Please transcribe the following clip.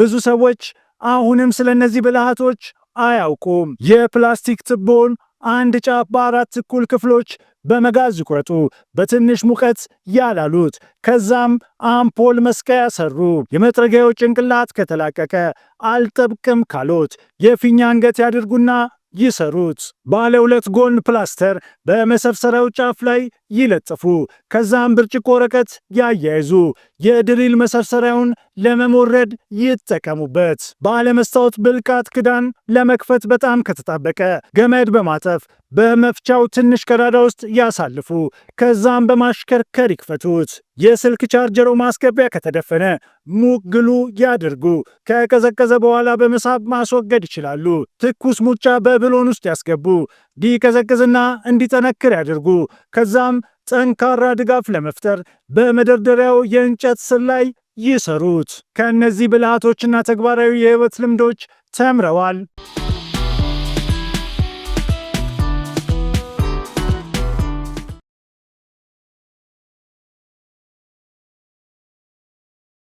ብዙ ሰዎች አሁንም ስለ እነዚህ ብልሃቶች አያውቁም። የፕላስቲክ ትቦን አንድ ጫፍ በአራት እኩል ክፍሎች በመጋዝ ይቁረጡ። በትንሽ ሙቀት ያላሉት። ከዛም አምፖል መስቀያ ሰሩ። የመጥረጊያው ጭንቅላት ከተላቀቀ አልጠብቅም ካሎት የፊኛ አንገት ያድርጉና ይሰሩት። ባለ ሁለት ጎን ፕላስተር በመሰብሰሪያው ጫፍ ላይ ይለጥፉ። ከዛም ብርጭቆ ወረቀት ያያይዙ። የድሪል መሰርሰሪያውን ለመሞረድ ይጠቀሙበት። ባለመስታወት ብልቃጥ ክዳን ለመክፈት በጣም ከተጣበቀ ገመድ በማጠፍ በመፍቻው ትንሽ ቀዳዳ ውስጥ ያሳልፉ። ከዛም በማሽከርከር ይክፈቱት። የስልክ ቻርጀሩ ማስገቢያ ከተደፈነ ሙግሉ ያድርጉ። ከቀዘቀዘ በኋላ በመሳብ ማስወገድ ይችላሉ። ትኩስ ሙጫ በብሎን ውስጥ ያስገቡ። እንዲቀዘቅዝና እንዲጠነክር ያድርጉ። ከዛም ጠንካራ ድጋፍ ለመፍጠር በመደርደሪያው የእንጨት ስር ላይ ይሰሩት። ከእነዚህ ብልሃቶችና ተግባራዊ የህይወት ልምዶች ተምረዋል።